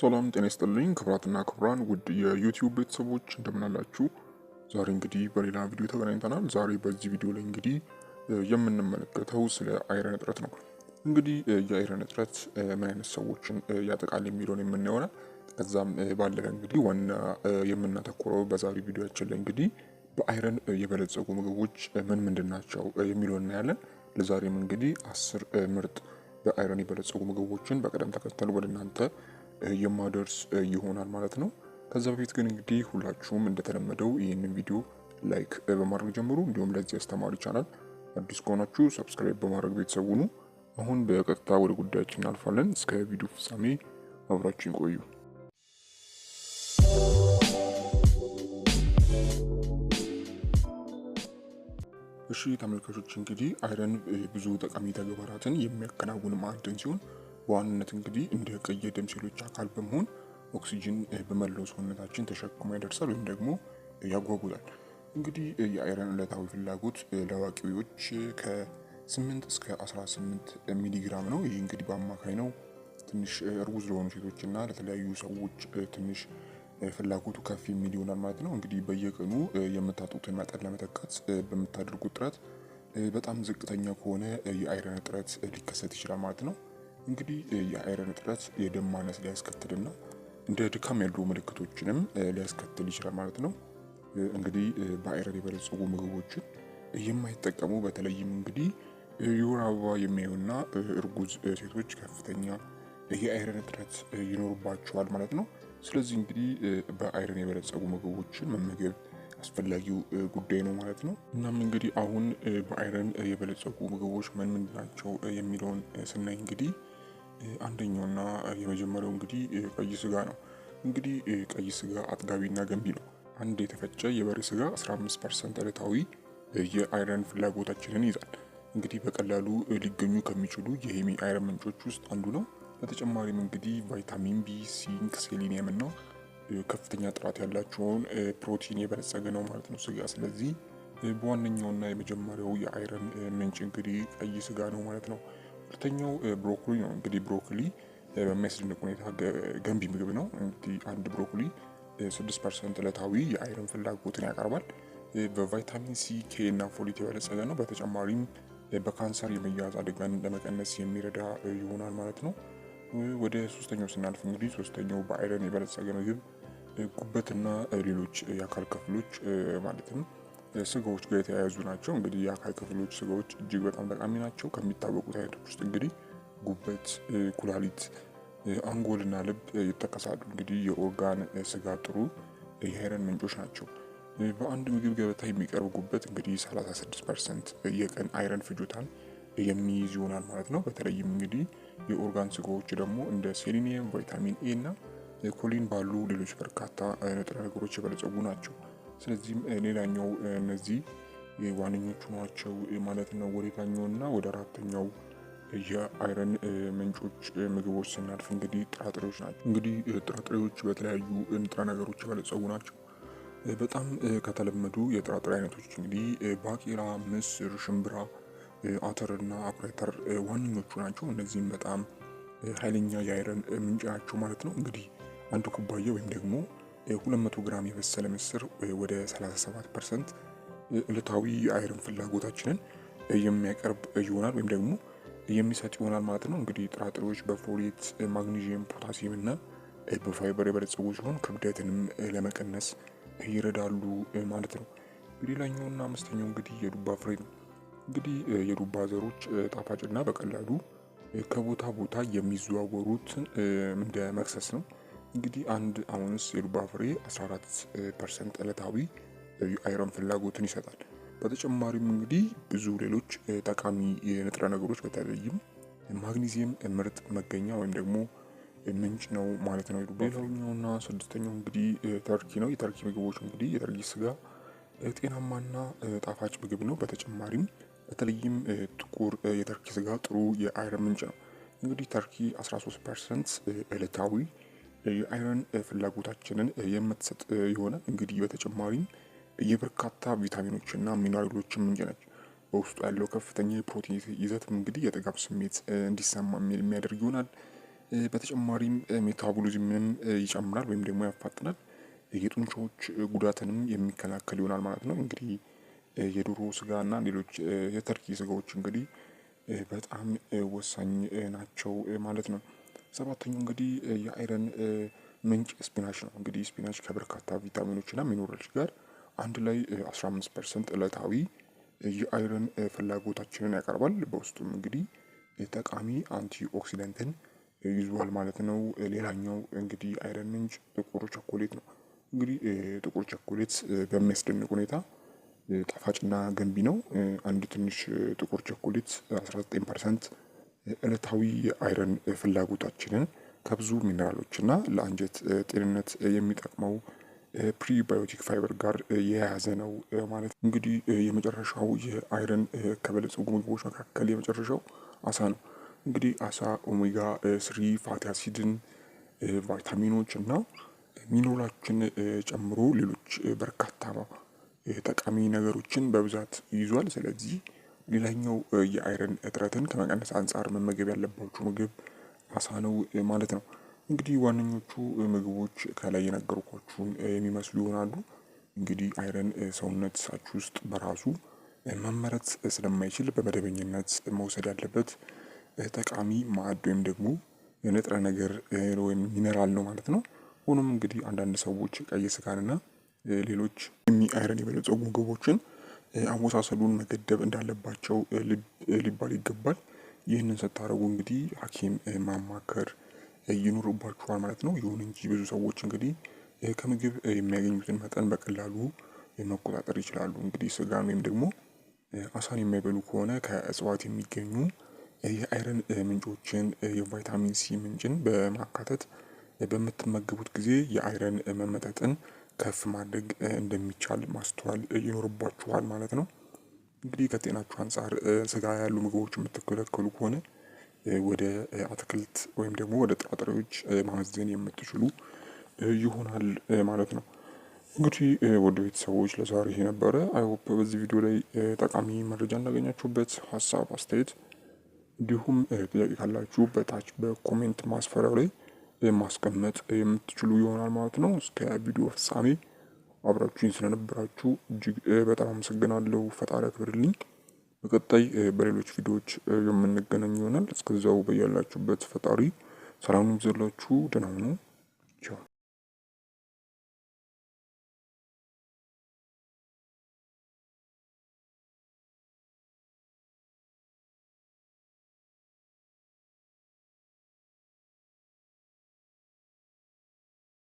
ሰላም ጤና ይስጥልኝ ክብራትና ክብራን ውድ የዩቲዩብ ቤተሰቦች እንደምናላችሁ። ዛሬ እንግዲህ በሌላ ቪዲዮ ተገናኝተናል። ዛሬ በዚህ ቪዲዮ ላይ እንግዲህ የምንመለከተው ስለ አይረን እጥረት ነው። እንግዲህ የአይረን እጥረት ምን አይነት ሰዎችን ያጠቃል የሚለውን የምናየሆናል። ከዛም ባለፈ እንግዲህ ዋና የምናተኩረው በዛሬ ቪዲዮችን ላይ እንግዲህ በአይረን የበለጸጉ ምግቦች ምን ምንድን ናቸው የሚለውን እናያለን። ለዛሬም እንግዲህ አስር ምርጥ በአይረን የበለጸጉ ምግቦችን በቅደም ተከተል ወደ እናንተ የማደርስ ይሆናል ማለት ነው። ከዛ በፊት ግን እንግዲህ ሁላችሁም እንደተለመደው ይህንን ቪዲዮ ላይክ በማድረግ ጀምሩ። እንዲሁም ለዚህ አስተማሪ ቻናል አዲስ ከሆናችሁ ሰብስክራይብ በማድረግ ቤተሰቡኑ ሁኑ። አሁን በቀጥታ ወደ ጉዳያችን እናልፋለን። እስከ ቪዲዮ ፍጻሜ አብራችን ቆዩ። እሺ ተመልካቾች እንግዲህ አይረን ብዙ ጠቃሚ ተግባራትን የሚያከናውን ማዕድን ሲሆን በዋንነት እንግዲህ እንደ ቀይ የደም ሴሎች አካል በመሆን ኦክሲጅን በመላው ሰውነታችን ተሸክሞ ያደርሳል ወይም ደግሞ ያጓጉዛል። እንግዲህ የአይረን ዕለታዊ ፍላጎት ለአዋቂዎች ከ8 እስከ 18 ሚሊግራም ነው። ይህ እንግዲህ በአማካይ ነው። ትንሽ እርጉዝ ለሆኑ ሴቶች እና ለተለያዩ ሰዎች ትንሽ ፍላጎቱ ከፍ የሚል ይሆናል ማለት ነው። እንግዲህ በየቀኑ የምታጡትን መጠን ለመተካት በምታደርጉት ጥረት በጣም ዝቅተኛ ከሆነ የአይረን እጥረት ሊከሰት ይችላል ማለት ነው። እንግዲህ የአይረን እጥረት የደም ማነስ ሊያስከትልና እንደ ድካም ያሉ ምልክቶችንም ሊያስከትል ይችላል ማለት ነው። እንግዲህ በአይረን የበለጸጉ ምግቦችን የማይጠቀሙ በተለይም እንግዲህ የወር አበባ የሚያዩና እርጉዝ ሴቶች ከፍተኛ የአይረን እጥረት ይኖርባቸዋል ማለት ነው። ስለዚህ እንግዲህ በአይረን የበለጸጉ ምግቦችን መመገብ አስፈላጊው ጉዳይ ነው ማለት ነው። እናም እንግዲህ አሁን በአይረን የበለጸጉ ምግቦች ምን ናቸው የሚለውን ስናይ እንግዲህ አንደኛውና የመጀመሪያው እንግዲህ ቀይ ስጋ ነው። እንግዲህ ቀይ ስጋ አጥጋቢና ገንቢ ነው። አንድ የተፈጨ የበሬ ስጋ 15 ፐርሰንት ዕለታዊ የአይረን ፍላጎታችንን ይዛል። እንግዲህ በቀላሉ ሊገኙ ከሚችሉ የሄሚ አይረን ምንጮች ውስጥ አንዱ ነው። በተጨማሪም እንግዲህ ቫይታሚን ቢ፣ ሲንክ፣ ሴሊኒየም እና ከፍተኛ ጥራት ያላቸውን ፕሮቲን የበለጸገ ነው ማለት ነው ስጋ። ስለዚህ በዋነኛውና የመጀመሪያው የአይረን ምንጭ እንግዲህ ቀይ ስጋ ነው ማለት ነው። ሁለተኛው ብሮኮሊ ነው። እንግዲህ ብሮኮሊ በሚያስደንቅ ሁኔታ ገንቢ ምግብ ነው። እንግዲህ አንድ ብሮኮሊ 6 ፐርሰንት ዕለታዊ የአይረን ፍላጎትን ያቀርባል። በቫይታሚን ሲ፣ ኬ እና ፎሊት የበለጸገ ነው። በተጨማሪም በካንሰር የመያዝ አደጋን ለመቀነስ የሚረዳ ይሆናል ማለት ነው። ወደ ሶስተኛው ስናልፍ እንግዲህ ሶስተኛው በአይረን የበለጸገ ምግብ ጉበትና ሌሎች የአካል ክፍሎች ማለትም ስጋዎች ጋር የተያያዙ ናቸው። እንግዲህ የአካል ክፍሎች ስጋዎች እጅግ በጣም ጠቃሚ ናቸው። ከሚታወቁት አይነቶች ውስጥ እንግዲህ ጉበት፣ ኩላሊት፣ አንጎልና ልብ ይጠቀሳሉ። እንግዲህ የኦርጋን ስጋ ጥሩ የአይረን ምንጮች ናቸው። በአንድ ምግብ ገበታ የሚቀርብ ጉበት እንግዲህ 36 ፐርሰንት የቀን አይረን ፍጆታን የሚይዝ ይሆናል ማለት ነው። በተለይም እንግዲህ የኦርጋን ስጋዎች ደግሞ እንደ ሴሊኒየም፣ ቫይታሚን ኤ እና ኮሊን ባሉ ሌሎች በርካታ ንጥረ ነገሮች የበለጸጉ ናቸው። ስለዚህም ሌላኛው እነዚህ ዋነኞቹ ናቸው ማለት ነው። ወደ እና ወደ አራተኛው የአይረን ምንጮች ምግቦች ስናልፍ እንግዲህ ጥራጥሬዎች ናቸው። እንግዲህ ጥራጥሬዎች በተለያዩ ንጥረ ነገሮች የበለጸጉ ናቸው። በጣም ከተለመዱ የጥራጥሬ አይነቶች እንግዲህ ባቄላ፣ ምስር፣ ሽምብራ፣ አተርና አኩሪ አተር ዋነኞቹ ናቸው። እነዚህም በጣም ኃይለኛ የአይረን ምንጭ ናቸው ማለት ነው። እንግዲህ አንድ ኩባያ ወይም ደግሞ 200 ግራም የበሰለ ምስር ወደ 37 ፐርሰንት እለታዊ የአይርን ፍላጎታችንን የሚያቀርብ ይሆናል ወይም ደግሞ የሚሰጥ ይሆናል ማለት ነው። እንግዲህ ጥራጥሬዎች በፎሌት፣ ማግኒዥየም፣ ፖታሲየም እና በፋይበር የበለጸጉ ሲሆን ክብደትንም ለመቀነስ ይረዳሉ ማለት ነው። ሌላኛውና አምስተኛው እንግዲህ የዱባ ፍሬ ነው። እንግዲህ የዱባ ዘሮች ጣፋጭና በቀላሉ ከቦታ ቦታ የሚዘዋወሩት እንደ መክሰስ ነው። እንግዲህ አንድ አውንስ የዱባ ፍሬ 14 ፐርሰንት ዕለታዊ አይረን ፍላጎትን ይሰጣል። በተጨማሪም እንግዲህ ብዙ ሌሎች ጠቃሚ የንጥረ ነገሮች በተለይም ማግኒዚየም ምርጥ መገኛ ወይም ደግሞ ምንጭ ነው ማለት ነው። ሌላውኛውና ስድስተኛው እንግዲህ ተርኪ ነው። የተርኪ ምግቦች እንግዲህ የተርኪ ስጋ ጤናማና ጣፋጭ ምግብ ነው። በተጨማሪም በተለይም ጥቁር የተርኪ ስጋ ጥሩ የአይረን ምንጭ ነው። እንግዲህ ተርኪ 13 ፐርሰንት ዕለታዊ የአይረን ፍላጎታችንን የምትሰጥ የሆነ እንግዲህ በተጨማሪም የበርካታ ቪታሚኖችና ሚነራሎች ምንጭ ነች። በውስጡ ያለው ከፍተኛ የፕሮቲን ይዘት እንግዲህ የጥጋብ ስሜት እንዲሰማ የሚያደርግ ይሆናል። በተጨማሪም ሜታቦሊዝምንም ይጨምራል ወይም ደግሞ ያፋጥናል። የጡንቻዎች ጉዳትንም የሚከላከል ይሆናል ማለት ነው። እንግዲህ የዶሮ ስጋ እና ሌሎች የተርኪ ስጋዎች እንግዲህ በጣም ወሳኝ ናቸው ማለት ነው። ሰባተኛው እንግዲህ የአይረን ምንጭ ስፒናች ነው። እንግዲህ ስፒናች ከበርካታ ቪታሚኖች እና ሚኖራሎች ጋር አንድ ላይ 15 ፐርሰንት ዕለታዊ የአይረን ፍላጎታችንን ያቀርባል። በውስጡም እንግዲህ ጠቃሚ አንቲ ኦክሲደንትን ይዟል ማለት ነው። ሌላኛው እንግዲህ አይረን ምንጭ ጥቁር ቸኮሌት ነው። እንግዲህ ጥቁር ቸኮሌት በሚያስደንቅ ሁኔታ ጣፋጭና ገንቢ ነው። አንድ ትንሽ ጥቁር ቸኮሌት 19 ፐርሰንት ዕለታዊ የአይረን ፍላጎታችንን ከብዙ ሚነራሎችና ለአንጀት ጤንነት የሚጠቅመው ፕሪባዮቲክ ፋይበር ጋር የያዘ ነው ማለት እንግዲህ የመጨረሻው የአይረን ከበለጸጉ ምግቦች መካከል የመጨረሻው አሳ ነው። እንግዲህ አሳ ኦሜጋ ስሪ ፋቲ አሲድን፣ ቫይታሚኖች እና ሚኖራሎችን ጨምሮ ሌሎች በርካታ ጠቃሚ ነገሮችን በብዛት ይዟል። ስለዚህ ሌላኛው የአይረን እጥረትን ከመቀነስ አንፃር መመገብ ያለባችሁ ምግብ አሳ ነው ማለት ነው። እንግዲህ ዋነኞቹ ምግቦች ከላይ የነገርኳችሁን የሚመስሉ ይሆናሉ። እንግዲህ አይረን ሳች ውስጥ በራሱ መመረት ስለማይችል በመደበኝነት መውሰድ ያለበት ጠቃሚ ማዕድ ወይም ደግሞ ንጥረ ነገር ወይም ሚነራል ነው ማለት ነው። ሆኖም እንግዲህ አንዳንድ ሰዎች ቀይ ስጋንና ሌሎች አይረን የበለጸጉ ምግቦችን አወሳሰዱን መገደብ እንዳለባቸው ሊባል ይገባል። ይህንን ስታደርጉ እንግዲህ ሀኪም ማማከር ይኖርባችኋል ማለት ነው። ይሁን እንጂ ብዙ ሰዎች እንግዲህ ከምግብ የሚያገኙትን መጠን በቀላሉ መቆጣጠር ይችላሉ። እንግዲህ ስጋን ወይም ደግሞ አሳን የማይበሉ ከሆነ ከእጽዋት የሚገኙ የአይረን ምንጮችን የቫይታሚን ሲ ምንጭን በማካተት በምትመገቡት ጊዜ የአይረን መመጠጥን ከፍ ማድረግ እንደሚቻል ማስተዋል ይኖርባችኋል ማለት ነው። እንግዲህ ከጤናችሁ አንጻር ስጋ ያሉ ምግቦች የምትከለከሉ ከሆነ ወደ አትክልት ወይም ደግሞ ወደ ጥራጥሬዎች ማመዘን የምትችሉ ይሆናል ማለት ነው። እንግዲህ ወደ ቤተሰቦች ለዛሬ ይሄ ነበረ። አይሆፕ በዚህ ቪዲዮ ላይ ጠቃሚ መረጃ እንዳገኛችሁበት፣ ሀሳብ አስተያየት እንዲሁም ጥያቄ ካላችሁ በታች በኮሜንት ማስፈሪያው ላይ ማስቀመጥ የምትችሉ ይሆናል ማለት ነው። እስከ ቪዲዮ ፍጻሜ አብራችሁኝ ስለነበራችሁ እጅግ በጣም አመሰግናለሁ። ፈጣሪ አክብርልኝ። በቀጣይ በሌሎች ቪዲዮዎች የምንገናኝ ይሆናል። እስከዛው በያላችሁበት ፈጣሪ ሰላም ይብዛላችሁ። ደህና ሁኑ። ቻው